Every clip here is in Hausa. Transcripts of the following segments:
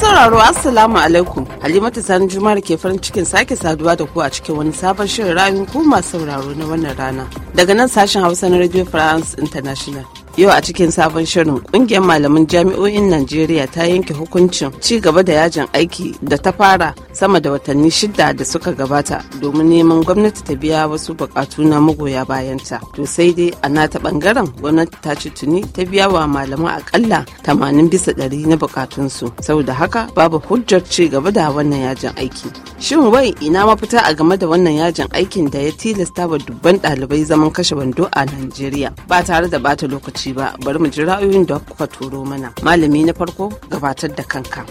sauraro assalamu alaikum halimatu sani jumar ke farin cikin sake saduwa da ku a cikin wani sabon shirin rayun ku masu sauraro na wannan rana daga nan sashen hausa na radio france international Yau a cikin sabon shirin kungiyar malaman jami'o'in Najeriya ta yanke hukuncin ci gaba da yajin aiki da ta fara sama da watanni shida da suka gabata domin neman gwamnati ta biya wasu bukatu na magoya bayanta. To sai dai a nata bangaren gwamnati ta ci tuni ta biya wa malaman akalla 80 bisa ɗari na bukatunsu. Saboda haka babu hujjar ci gaba da wannan yajin aiki. Shin wai ina mafita a game da wannan yajin aikin da ya tilasta wa dubban ɗalibai zaman kashe wando a Najeriya ba tare da bata lokaci ba bari mu ji ra'ayoyin da kuka turo mana malami na farko gabatar da kanka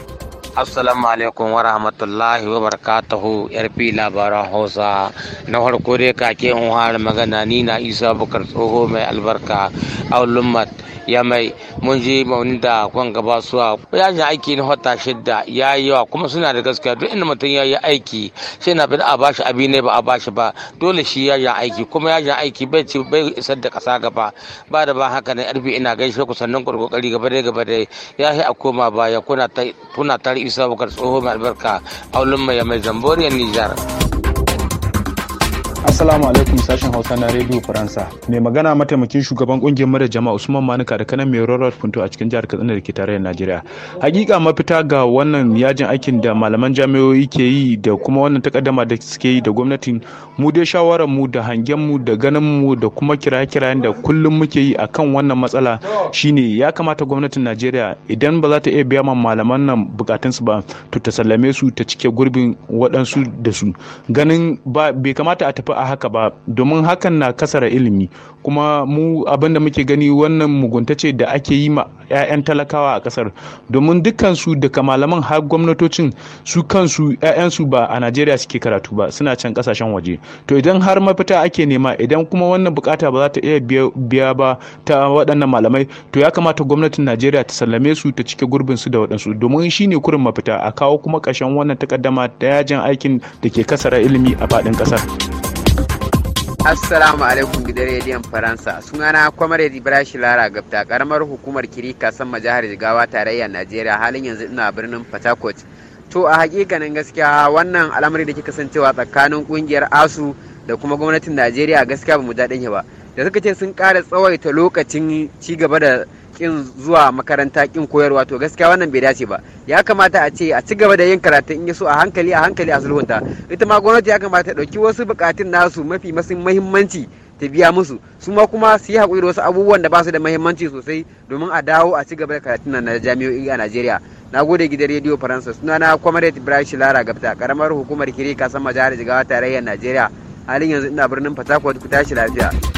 assalamu alaikum wa rahmatullahi wa barakatuhu yarfi labaran hausa na farko dai kake in fara magana ni na isa bukar tsoho mai albarka aulummat ya mai mun ji maunin da kwan gaba suwa ya ji aiki na wata shidda ya yi yawa kuma suna da gaskiya duk inda mutum ya yi aiki sai na bada a bashi abi ne ba a bashi ba dole shi ya yi aiki kuma ya yi aiki bai ci bai isar da kasa gaba ba da ba haka na yarfi ina gaishe ku sannan kurkukari gaba dai gaba dai ya yi a koma baya kuna tari ईसा सोहो Melbourne का अवलंब या मैं जम्बोर या Nizar Assalamu alaikum sashen Hausa na Radio Faransa. Mai magana mataimakin shugaban kungiyar mara jama'a Usman Manuka da kanan mai Road Punto a cikin jihar Katsina da ke tarayyar Najeriya. Hakika mafita ga wannan yajin aikin da malaman jami'o'i ke yi da kuma wannan takaddama da suke yi da gwamnatin mu dai shawarar mu da hangen mu da ganin mu da kuma kiraye-kirayen da kullum muke yi akan wannan matsala shine ya kamata gwamnatin Najeriya idan ba za ta iya biya malaman nan bukatunsu ba to ta sallame su ta cike gurbin waɗansu da su. Ganin ba bai kamata a tafi a haka ba domin hakan na kasara ilimi kuma mu abin da muke gani wannan mugunta ce da ake yi ma 'ya'yan talakawa a kasar domin dukkan su daga malaman har gwamnatocin su kansu 'ya'yansu ba a najeriya suke karatu ba suna can kasashen waje to idan har mafita ake nema idan kuma wannan bukata ba za ta iya biya ba ta waɗannan malamai to ya kamata gwamnatin najeriya ta sallame su ta cike gurbin su da waɗansu domin shine kurin mafita a kawo kuma ƙarshen wannan takaddama ta yajin aikin da ke kasara ilimi a faɗin ƙasar. Assalamu alaikum gidan rediyon Faransa. Sunana Kwamare Ibrahim Lara Gafta, karamar hukumar Kirika san majahar Jigawa tarayyar Najeriya halin yanzu ina birnin Port To a hakikanin gaskiya wannan al'amari da kika san cewa tsakanin kungiyar ASU da kuma gwamnatin Najeriya gaskiya ba mu daɗin ba. Da suka ce sun ƙara tsawaita lokacin ci gaba da kin zuwa makaranta kin koyarwa to gaskiya wannan bai dace ba ya kamata a ce a ci gaba da yin karatu in so a hankali a hankali a sulhunta ita ma gwamnati ya kamata ta ɗauki wasu bukatun nasu mafi masin muhimmanci ta biya musu su ma kuma su yi haƙuri da wasu abubuwan da basu su da muhimmanci sosai domin a dawo a ci gaba da karatun nan na jami'o'i a Najeriya na gode gidan rediyo faransa suna na comrade ibrahim shilara gabta karamar hukumar kiri kasan majalisar jigawa tarayyar najeriya halin yanzu ina birnin fatakwa ku tashi lafiya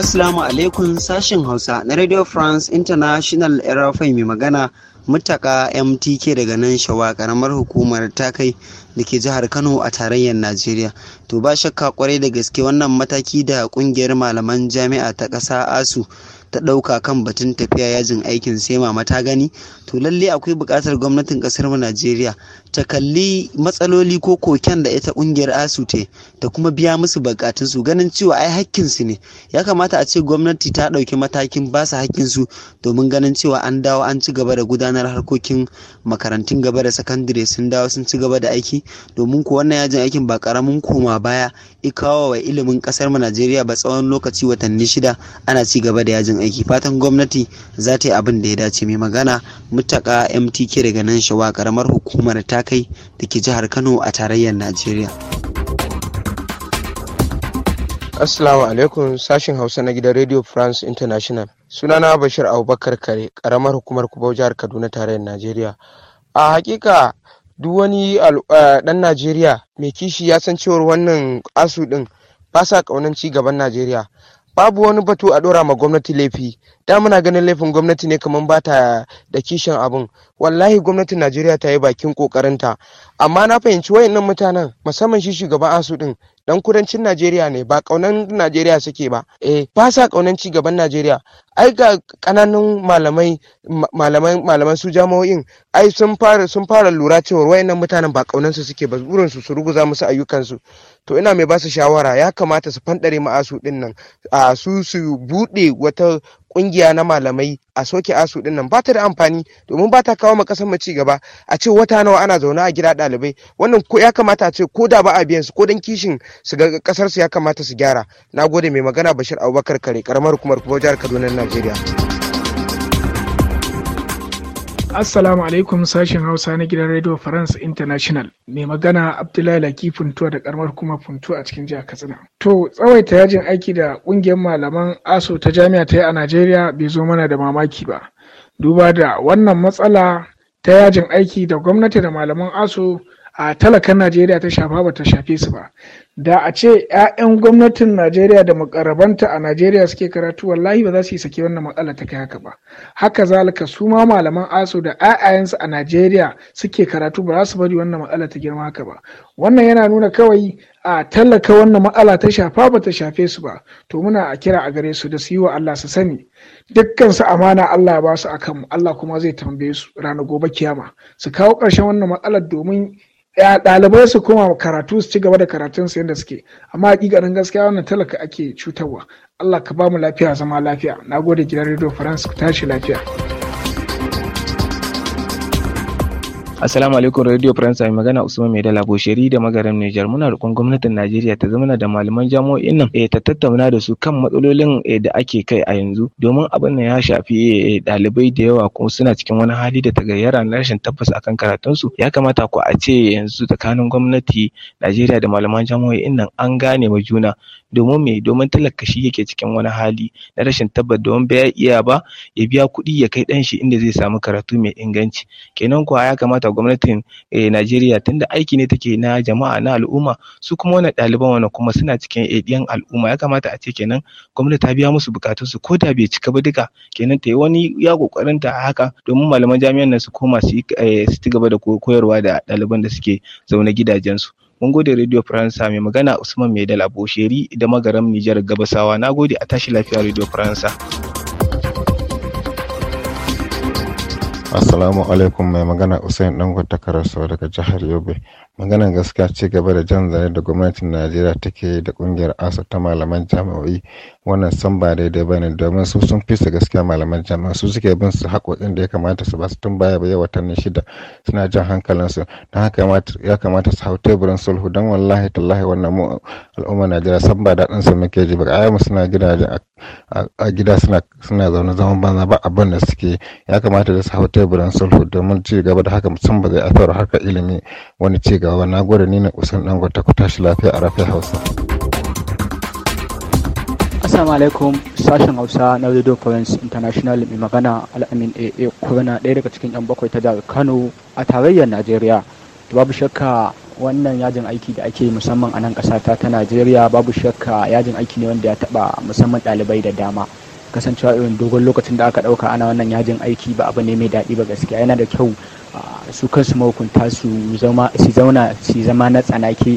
Assalamu alaikum Sashen Hausa na Radio France International Erafai mai magana mutaka MTK daga nan shawa karamar hukumar ta kai da ke jihar Kano a tarayyar Najeriya. To ba shakka kwarai da gaske wannan mataki da kungiyar malaman jami'a ta ƙasa ASU ta ɗauka kan batun tafiya yajin aikin sai sema mata gani to lalle akwai buƙatar gwamnatin ƙasar mu najeriya ta kalli matsaloli ko koken da ita kungiyar asu te da kuma biya musu bukatun su ganin cewa ai hakkin su ne ya kamata a ce gwamnati ta ɗauki matakin ba su hakkin su domin ganin cewa an dawo an ci gaba da gudanar harkokin makarantun gaba da sakandare sun dawo sun ci gaba da aiki domin ko wannan yajin aikin ba karamin koma baya ikawa wa ilimin kasar mu Najeriya ba tsawon lokaci watanni shida ana ci gaba da yajin aiki fatan gwamnati za ta yi abin da ya dace mai magana mutaka MTK daga nan shawa karamar hukumar ta Kai da ke jihar Kano a tarayyar Najeriya. Assalamu alaikum sashin Hausa na gidan Radio France International. Sunana Bashir Abubakar Kare, karamar hukumar Kubau jihar Kaduna tarayyar Najeriya. A hakika duk wani dan Najeriya mai kishi ya san cewar wannan asu din ba sa kaunan ci gaban Najeriya. babu wani batu a dora ma gwamnati laifi da muna ganin laifin gwamnati ne kamar ba ta da kishin abin wallahi gwamnatin najeriya ta yi bakin kokarinta amma na fahimci wayannan mutanen musamman shi shugaban asu din dan kudancin Najeriya ne ba kaunan Najeriya suke ba eh ba sa kaunan ci gaban Najeriya ai ga kananun malamai malaman malaman su jami'o'in ai sun fara sun fara lura cewa wayannan mutanen ba kaunan su suke ba burin su su ruguza musu ayyukan su to ina mai ba su shawara ya kamata su fandare ma'asu din nan a su su bude wata kungiya na malamai a soke asu din nan ba da amfani domin ba ta kawo kasar mu ci gaba a ce wata nawa ana zaune a gida ɗalibai wannan ko ya kamata a ce ko da ba a biyan su ko dan kishin su ga kasar su ya kamata su gyara nagode mai magana Bashir Abubakar Kare karamar hukumar kuma jihar Kaduna Najeriya Assalamu alaikum sashen Hausa na gidan Radio France International. Mai magana Abdullahi Laki Funtuwa da karamar kuma Funtuwa a cikin jihar Katsina. To tsawaita yajin aiki da kungiyar malaman ASO ta jami'a ta yi a Najeriya bai zo mana da mamaki ba. Duba da wannan matsala ta yajin aiki da gwamnati da malaman ASO a talakan najeriya ta shafa ba ta shafe su ba da a ce 'ya'yan gwamnatin najeriya da makarabanta a najeriya suke karatu wallahi ba za su yi sake wannan matsala ta kai haka ba haka zalika su ma malaman aso da 'ya'yansu a najeriya suke karatu ba za su bari wannan matsala ta girma haka ba wannan yana nuna kawai a tallaka wannan matsala ta shafa ba ta shafe su ba to muna a kira a gare su da su yi wa allah su sani dukkan su amana allah ba su akan allah kuma zai tambaye su ranar gobe kiyama su kawo ƙarshen wannan matsalar domin ɗalibai su koma karatu su ci gaba da karatun su yadda suke amma hakikanin gaskiya wannan talaka ake cutarwa Allah ka ba mu lafiya zama lafiya Na gode gidan radio france ku tashi lafiya Assalamu alaikum Radio France mai magana Usman Mai Dala Bosheri da magarin Niger muna roƙon gwamnatin Najeriya ta zama da malaman jami'o'in nan eh, ta tattauna da su kan matsalolin eh, da ake kai a yanzu domin abin nan ya shafi eh, ɗalibai da yawa kuma suna cikin wani hali da ta gayyara na rashin tabbas akan karatun su ya kamata ku a ce yanzu tsakanin gwamnati Najeriya da malaman jami'o'in nan an gane ma juna domin me domin talaka shi yake cikin wani hali na rashin tabbas domin ba ya iya ba ya biya kuɗi ya kai ɗan shi inda zai samu karatu mai inganci kenan kuwa ya kamata gwamnatin eh, Najeriya tunda aiki ne take na jama'a na al'umma su kuma wani ɗaliban wani kuma suna cikin ɗiyan al'umma ya kamata a ce kenan gwamnati ta biya musu su ko da bai cika ba duka kenan ta yi wani ya kokarin ta haka domin malaman jami'an nan su koma eh, su ci gaba da koyarwa da ɗaliban da suke zaune gidajensu Mun gode Radio Faransa mai magana Usman Maidal Abosheri da magaran Nijar Gabasawa. Na gode a tashi lafiya Radio Faransa. Assalamu alaikum mai magana Usain Dango ta daga jihar Yobe. Maganar gaskiya ci gaba da jan zane da gwamnatin Najeriya take da kungiyar ASA ta malaman jami'o'i wannan san ba daidai bane domin su sun fi su gaskiya malaman jami'a su suke bin su haƙoƙin da ya kamata su ba su tun baya bai watanni shida suna jan hankalinsu su don haka ya kamata su hau teburin sulhu don wallahi tallahi wannan mu al'umma Najeriya san ba daɗin su muke ji ba ayyama suna gidaje a gida suna zaune zaman banza ba abin da suke ya kamata da su hau teburin sulhu domin ci gaba da haka mutum ba zai afiyar haka ilimi wani ci gaba na gwada ni na dan gwata ku tashi lafiya a rafi hausa. Assalamu alaikum sashen Hausa na Radio Conference International mai magana Al'amin AA Corona daya daga cikin 'yan bakwai ta jihar Kano a tarayyar Najeriya. babu shakka wannan yajin aiki da ake musamman a nan ƙasa ta najeriya babu shakka yajin aiki ne wanda ya taba musamman ɗalibai da dama kasancewa irin dogon lokacin da aka ɗauka ana wannan yajin aiki ba abu ne mai daɗi ba gaskiya yana da kyau su kansu mahukunta su zauna su zama na tsanaki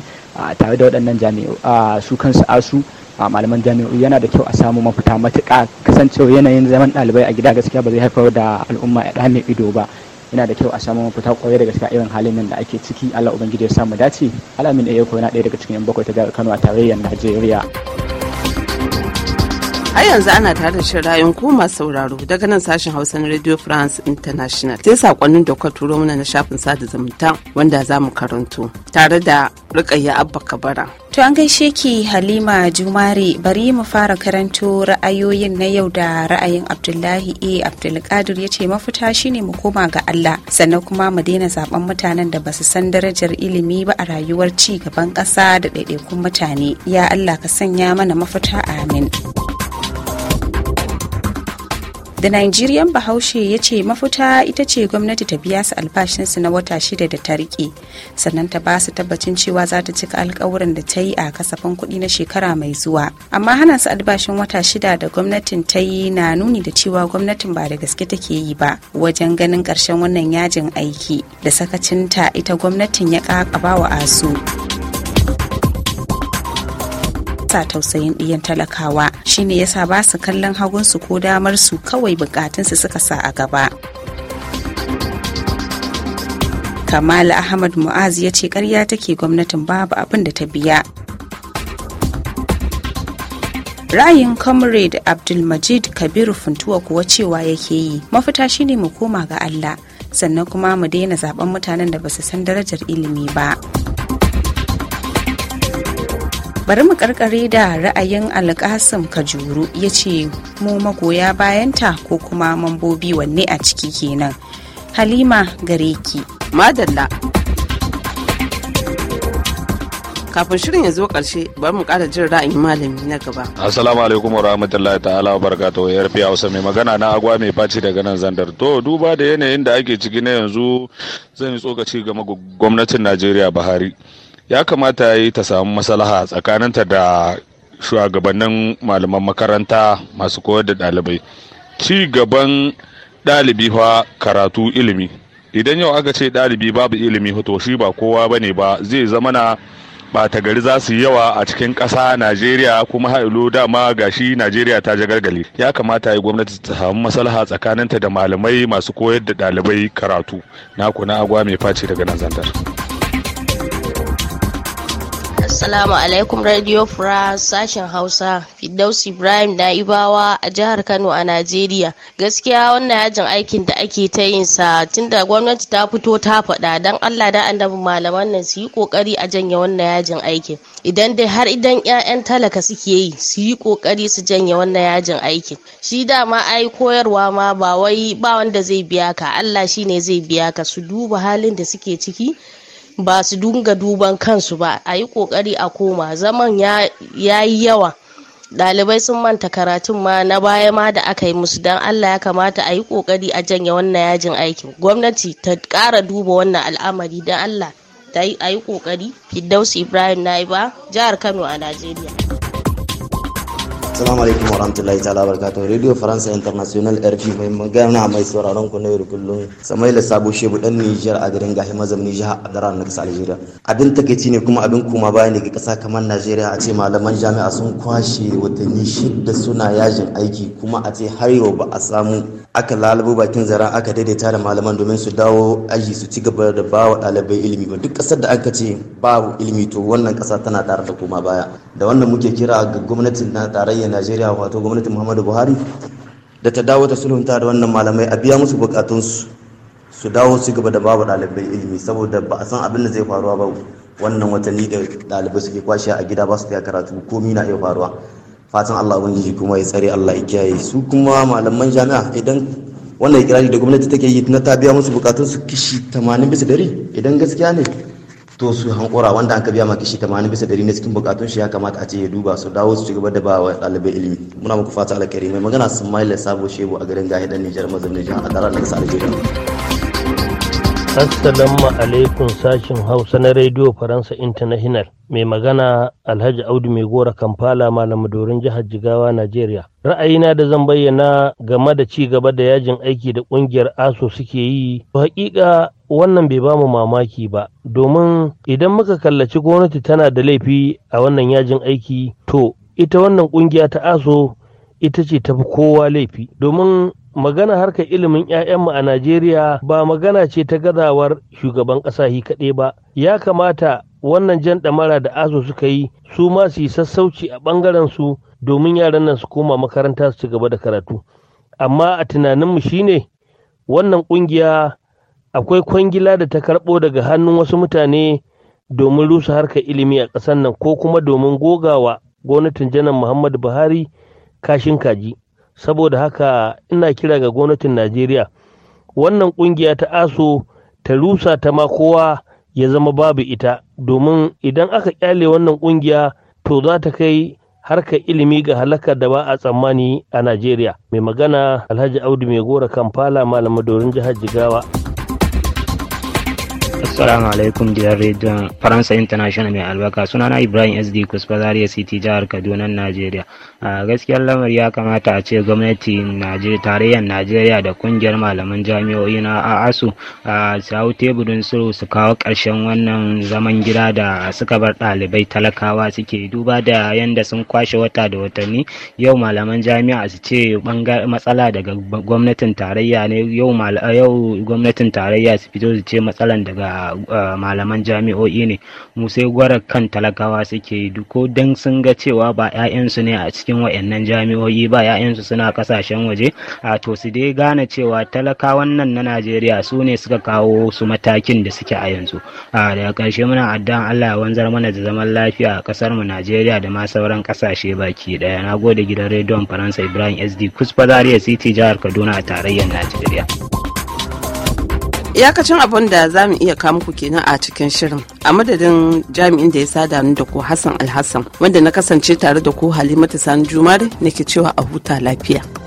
tare da waɗannan jami'u su kansu asu a malaman jami'o'i yana da kyau a samu mafita matuƙa kasancewa yanayin zaman ɗalibai a gida gaskiya ba zai haifar da al'umma ya ɗame ido ba yana da kyau a samu mafita kwarai daga cikin irin halin nan da ake ciki Allah ubangiji ya samu dace alamin ayyuka yana ɗaya daga cikin yan bakwai ta jihar Kano a tarayyar Najeriya. Har yanzu ana tare da shirayen ku masu sauraro daga nan sashen Hausa na Radio France International. Sai sakonnin da kuka turo mana na shafin sada zumunta wanda za mu karanto tare da Rukayya Abba Kabara. To an gaishe ki Halima Jumare bari mu fara karanto ra'ayoyin na yau da ra'ayin Abdullahi A Abdulkadir ya ce mafita shine mu koma ga Allah sannan kuma mu daina zaben mutanen da basu san darajar ilimi ba a rayuwar ci gaban ƙasa da ɗaiɗaikun mutane. Ya Allah ka sanya mana mafita amin. da nigerian bahaushe ya ce mafuta ita ce gwamnati ta biya su albashinsu na wata shida da ta riƙe sannan ta ba su tabbacin cewa za ta cika alkawuran da ta yi a kasafin kuɗi na shekara mai zuwa amma hana su albashin wata shida da gwamnatin ta yi na nuni da cewa gwamnatin ba da gaske take yi ba wajen ganin ƙarshen wannan yajin aiki da sakacinta ita gwamnatin ya ƙaƙabawa asu. sa tausayin ɗiyan talakawa shine yasa ba su kallon hagunsu ko damar su kawai bukatunsu suka sa a gaba kamal ahmad mu'az ya ce karya take gwamnatin babu abin da ta biya ra'ayin comrade abdulmajid kabiru funtuwa kuwa cewa yake yi mafita shine mu koma ga allah sannan kuma mu daina zaben mutanen da ba su san darajar ilimi ba. bari mu karkare da ra'ayin alkasim kajuru ya ce mu magoya bayanta ko kuma mambobi wanne a ciki kenan halima gare ki madalla kafin shirin ya zo karshe bari mu kara jin ra'ayin malami na gaba. Assalamu alaikum wa rahmatullahi ta'ala wa barakatuhu ya rafi Hausa mai magana na agwa mai faci daga nan zandar. To duba da yanayin da ake ciki na yanzu zan yi tsokaci ga gwamnatin Najeriya Buhari. ya kamata yi ta samu masalaha tsakaninta da shugabannin malaman makaranta masu koyar da ɗalibai ci gaban ɗalibi fa karatu ilimi idan yau aka ce ɗalibi babu ilimi to shi ba kowa ba ne ba zai zama na ɓata gari za su yi yawa a cikin ƙasa najeriya kuma hailo dama gashi najeriya ta gargali ya kamata ya gwamnati ta samu masalaha tsakaninta da malamai masu koyar da ɗalibai karatu na kuna agwa mai face daga nan zantar. Assalamu alaikum Radio France sashen Hausa, Fidaus Ibrahim Na'ibawa a jihar Kano a Najeriya. Gaskiya wannan yajin aikin da ake ta sa tunda gwamnati ta fito ta faɗa dan Allah da annabi malaman nan su yi kokari a janye wannan yajin aikin. Idan dai har idan 'ya'yan talaka suke yi su yi kokari su janye wannan yajin aikin. Shi dama ai koyarwa ma ba wai ba wanda zai biya ka Allah shine zai biya ka su duba halin da suke ciki ba su dinga duban kansu ba a yi kokari a koma zaman ya yi yawa ɗalibai sun manta karatun ma na baya ma da aka yi musu don allah ya kamata a yi kokari a janye wannan yajin aikin gwamnati ta ƙara duba wannan al'amari don allah ta yi a yi kokari fiddausi ibrahim na ba jihar kano a najeriya Assalamu alaikum warahmatullahi ta'ala barakatuh. Radio France International RP mai magana mai sauraron ku na yau da kullum. Samaila Sabo Shebu dan Niger a garin Gahi mazamni jiha a na kasar Algeria. Abin takaici ne kuma abin kuma baya ne ga kasa kamar Najeriya a ce malaman jami'a sun kwashe watanni shida suna yajin aiki kuma a ce har yau ba a samu aka lalabo bakin zaren aka daidaita da malaman domin su dawo aji su ci gaba da ba wa ɗalibai ilimi ba duk ƙasar da aka ce babu ilimi to wannan ƙasa tana tare da koma baya da wannan muke kira ga gwamnatin na tarayya tarayyar najeriya wato gwamnati muhammadu buhari da ta dawo ta sulhunta da wannan malamai a biya musu bukatunsu su dawo su gaba da babu dalibai ilimi saboda ba a san abin da zai faruwa ba wannan watanni da dalibai suke kwashe a gida ba su ya karatu komi na iya faruwa fatan allah ubangiji kuma ya tsare allah ya kiyaye su kuma malaman jami'a idan wannan ikirari da gwamnati take yi na ta biya musu bukatunsu kishi 80 bisa dari idan gaskiya ne to su hankura wanda an ka biya maka shi 80 bisa 100 na cikin bukatun shi ya kamata a ce ya duba su dawo su ci gaba da ba wa ɗalibai ilimi muna muku fata alkhairi mai magana Sumaila Sabo Shebu a garin Gahi dan Nijar mazan jihar a da kasar Algeria Assalamu alaikum sashin Hausa na Radio Faransa International mai magana Alhaji Audu Mai Gora Kampala Malam Dorin jihar Jigawa Najeriya ra'ayina da zan bayyana game da ci gaba da yajin aiki da kungiyar aso suke yi hakika wannan bai ba mu mamaki ba domin idan muka kallaci gwamnati tana da laifi a wannan yajin aiki to ita wannan kungiya ta aso ita ce tafi kowa laifi domin magana harka ilimin 'ya'yanmu a najeriya ba magana ce ta gazawar shugaban ƙasa hi kaɗai ba ya kamata wannan jan ɗamara da aso suka yi su ma su yi sassauci a ɓangaren su domin yaran nan su koma makaranta su ci gaba da karatu amma a tunaninmu shine wannan ƙungiya akwai kwangila da ta karɓo daga hannun wasu mutane domin rusa harkar ilimi a ƙasar nan ko kuma domin gogawa gwamnatin janar muhammadu buhari kashin kaji saboda haka ina kira ga gwamnatin najeriya wannan ƙungiya ta aso ta rusa ta ma kowa ya zama babu ita domin idan aka kyale wannan ƙungiya to za ta kai harkar ilimi ga halakar da ba a tsammani a najeriya mai magana alhaji audu mai gora kampala malamin dorin jihar jigawa Assalamu alaikum gidan rediyon Faransa International mai albarka sunana Ibrahim SD Kusfa Zaria City jihar Kaduna nigeria. a gaskiyar lamari ya kamata a ce gwamnatin tarayyar najeriya da kungiyar malaman jami'o'i na asu a sau teburin su su kawo ƙarshen wannan zaman gida da suka bar ɗalibai talakawa suke duba da yadda sun kwashe wata da watanni yau malaman jami'a su ce matsala daga gwamnatin tarayya ne yau gwamnatin tarayya su fito su ce matsalan daga malaman jami'o'i ne mu sai gwara kan talakawa suke ko don sun ga cewa ba 'ya'yansu ne a cikin cikin wayannan jami'o'i ba ya'yansu suna kasashen waje a to su dai gane cewa talakawan nan na najeriya su ne suka kawo su matakin da suke a yanzu a daga ƙarshe muna addan allah ya wanzar mana da zaman lafiya a ƙasar mu najeriya da ma sauran ƙasashe baki ɗaya na gode gidan rediyon faransa ibrahim sd kusfa zaria city jihar kaduna a tarayyar najeriya Iyakacin abin da za mu iya kama ku kenan a cikin shirin. A madadin jami'in da ya sada ni da ku Hassan Alhassan wanda na kasance tare da ku Halimatu Sani Jumare nake cewa a huta lafiya.